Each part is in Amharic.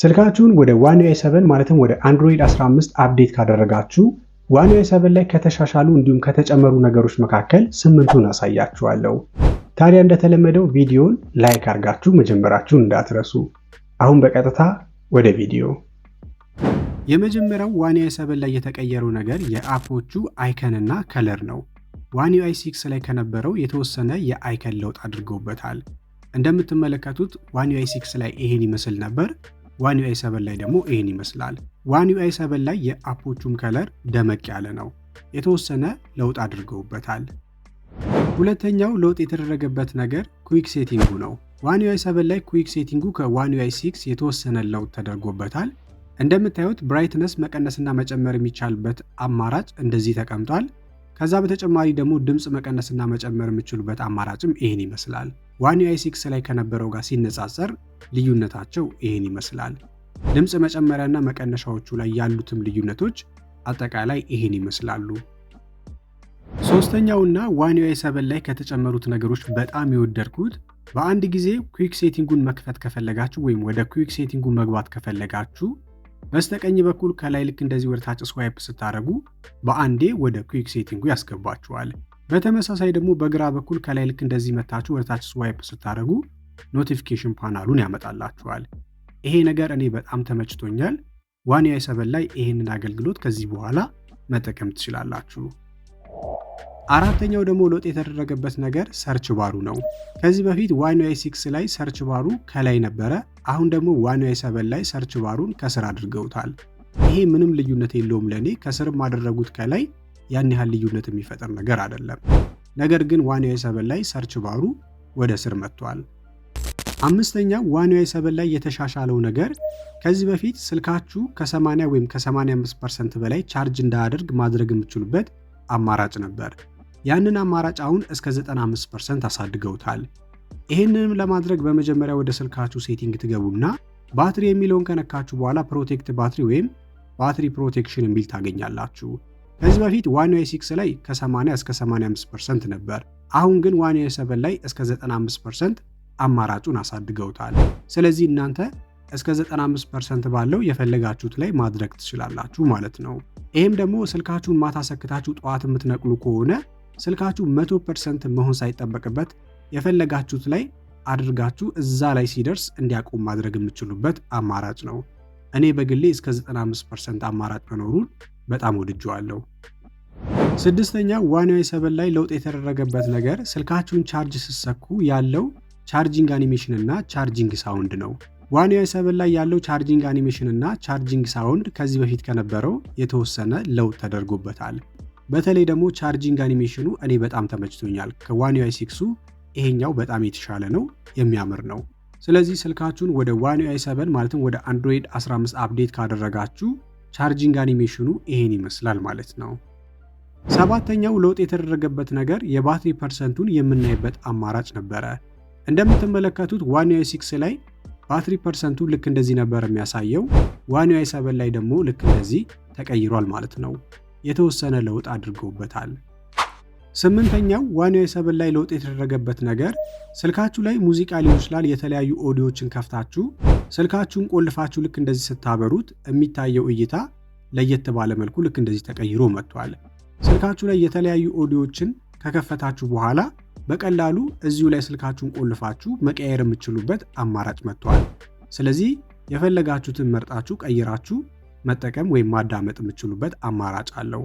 ስልካችሁን ወደ ዋን ዩአይ 7 ማለትም ወደ አንድሮይድ 15 አፕዴት ካደረጋችሁ ዋን ዩአይ 7 ላይ ከተሻሻሉ እንዲሁም ከተጨመሩ ነገሮች መካከል ስምንቱን አሳያችኋለሁ። ታዲያ እንደተለመደው ቪዲዮን ላይክ አድርጋችሁ መጀመራችሁን እንዳትረሱ። አሁን በቀጥታ ወደ ቪዲዮ። የመጀመሪያው ዋን ዩአይ 7 ላይ የተቀየረው ነገር የአፖቹ አይከን እና ከለር ነው። ዋን ዩአይ 6 ላይ ከነበረው የተወሰነ የአይከን ለውጥ አድርገውበታል። እንደምትመለከቱት ዋን ዩአይ 6 ላይ ይሄን ይመስል ነበር። ዋን ዩአይ ሰበን ላይ ደግሞ ይህን ይመስላል። ዋን ዩአይ ሰበን ላይ የአፖቹም ከለር ደመቅ ያለ ነው። የተወሰነ ለውጥ አድርገውበታል። ሁለተኛው ለውጥ የተደረገበት ነገር ኩዊክ ሴቲንጉ ነው። ዋን ዩአይ ሰበን ላይ ኩዊክ ሴቲንጉ ከዋን ዩአይ ሲክስ የተወሰነ ለውጥ ተደርጎበታል። እንደምታዩት ብራይትነስ መቀነስና መጨመር የሚቻልበት አማራጭ እንደዚህ ተቀምጧል። ከዛ በተጨማሪ ደግሞ ድምፅ መቀነስና መጨመር የምችሉበት አማራጭም ይህን ይመስላል። ዋን ዩአይ ሲክስ ላይ ከነበረው ጋር ሲነጻጸር ልዩነታቸው ይህን ይመስላል። ድምፅ መጨመሪያና መቀነሻዎቹ ላይ ያሉትም ልዩነቶች አጠቃላይ ይህን ይመስላሉ። ሶስተኛውና ዋናው የሰበን ላይ ከተጨመሩት ነገሮች በጣም የወደድኩት በአንድ ጊዜ ኩዊክ ሴቲንጉን መክፈት ከፈለጋችሁ ወይም ወደ ኩዊክ ሴቲንጉ መግባት ከፈለጋችሁ በስተቀኝ በኩል ከላይ ልክ እንደዚህ ወደ ታች ስዋይፕ ስታደረጉ በአንዴ ወደ ኩዊክ ሴቲንጉ ያስገባችኋል። በተመሳሳይ ደግሞ በግራ በኩል ከላይ ልክ እንደዚህ መታችሁ ወደ ታች ስዋይፕ ስታደረጉ ኖቲፊኬሽን ፓናሉን ያመጣላችኋል። ይሄ ነገር እኔ በጣም ተመችቶኛል። ዋን ዩአይ ሰቨን ላይ ይሄንን አገልግሎት ከዚህ በኋላ መጠቀም ትችላላችሁ። አራተኛው ደግሞ ለውጥ የተደረገበት ነገር ሰርች ባሩ ነው። ከዚህ በፊት ዋን ዩአይ ሲክስ ላይ ሰርች ባሩ ከላይ ነበረ። አሁን ደግሞ ዋን ዩአይ ሰቨን ላይ ሰርች ባሩን ከስር አድርገውታል። ይሄ ምንም ልዩነት የለውም ለእኔ። ከስርም አደረጉት ከላይ ያን ያህል ልዩነት የሚፈጥር ነገር አይደለም። ነገር ግን ዋን ዩአይ ሰቨን ላይ ሰርች ባሩ ወደ ስር መጥቷል። አምስተኛ ዋናው ሰበል ላይ የተሻሻለው ነገር ከዚህ በፊት ስልካችሁ ከ80 ወይም ከ85 ፐርሰንት በላይ ቻርጅ እንዳያደርግ ማድረግ የምትችሉበት አማራጭ ነበር። ያንን አማራጭ አሁን እስከ 95 ፐርሰንት አሳድገውታል። ይህንንም ለማድረግ በመጀመሪያ ወደ ስልካችሁ ሴቲንግ ትገቡና ባትሪ የሚለውን ከነካችሁ በኋላ ፕሮቴክት ባትሪ ወይም ባትሪ ፕሮቴክሽን የሚል ታገኛላችሁ። ከዚህ በፊት ዋንዋይ ሲክስ ላይ ከ80 እስከ 85 ፐርሰንት ነበር። አሁን ግን ዋንዋይ ዌይ ላይ እስከ 95 ፐርሰንት አማራጩን አሳድገውታል። ስለዚህ እናንተ እስከ 95% ባለው የፈለጋችሁት ላይ ማድረግ ትችላላችሁ ማለት ነው። ይህም ደግሞ ስልካችሁን ማታ ሰክታችሁ ጠዋት የምትነቅሉ ከሆነ ስልካችሁ 100% መሆን ሳይጠበቅበት የፈለጋችሁት ላይ አድርጋችሁ እዛ ላይ ሲደርስ እንዲያቆም ማድረግ የምትችሉበት አማራጭ ነው። እኔ በግሌ እስከ 95% አማራጭ መኖሩን በጣም ወድጀዋለሁ። ስድስተኛ ዋናው የሰብል ላይ ለውጥ የተደረገበት ነገር ስልካችሁን ቻርጅ ስትሰኩ ያለው ቻርጂንግ አኒሜሽን እና ቻርጂንግ ሳውንድ ነው። ዋንያው ሰቨን ላይ ያለው ቻርጂንግ አኒሜሽን እና ቻርጂንግ ሳውንድ ከዚህ በፊት ከነበረው የተወሰነ ለውጥ ተደርጎበታል። በተለይ ደግሞ ቻርጂንግ አኒሜሽኑ እኔ በጣም ተመችቶኛል። ከዋንያው ሲክሱ ይሄኛው በጣም የተሻለ ነው፣ የሚያምር ነው። ስለዚህ ስልካችሁን ወደ ዋንያው ሰቨን ማለትም ወደ አንድሮይድ 15 አፕዴት ካደረጋችሁ ቻርጂንግ አኒሜሽኑ ይሄን ይመስላል ማለት ነው። ሰባተኛው ለውጥ የተደረገበት ነገር የባትሪ ፐርሰንቱን የምናይበት አማራጭ ነበረ። እንደምትመለከቱት ዋን ዩአይ ሲክስ ላይ ባትሪ ፐርሰንቱ ልክ እንደዚህ ነበር የሚያሳየው። ዋን ዩአይ 7 ላይ ደግሞ ልክ እንደዚህ ተቀይሯል ማለት ነው። የተወሰነ ለውጥ አድርገውበታል። ስምንተኛው ዋን ዩአይ 7 ላይ ለውጥ የተደረገበት ነገር ስልካችሁ ላይ ሙዚቃ ሊሆን ይችላል። የተለያዩ ኦዲዮችን ከፍታችሁ ስልካችሁን ቆልፋችሁ ልክ እንደዚህ ስታበሩት የሚታየው እይታ ለየት ባለ መልኩ ልክ እንደዚህ ተቀይሮ መጥቷል። ስልካችሁ ላይ የተለያዩ ኦዲዮችን ከከፈታችሁ በኋላ በቀላሉ እዚሁ ላይ ስልካችሁን ቆልፋችሁ መቀየር የምትችሉበት አማራጭ መጥቷል። ስለዚህ የፈለጋችሁትን መርጣችሁ ቀይራችሁ መጠቀም ወይም ማዳመጥ የምትችሉበት አማራጭ አለው።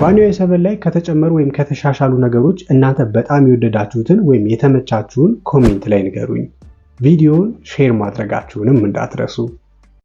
ባኒዮ የሰበን ላይ ከተጨመሩ ወይም ከተሻሻሉ ነገሮች እናንተ በጣም የወደዳችሁትን ወይም የተመቻችሁን ኮሜንት ላይ ንገሩኝ። ቪዲዮውን ሼር ማድረጋችሁንም እንዳትረሱ።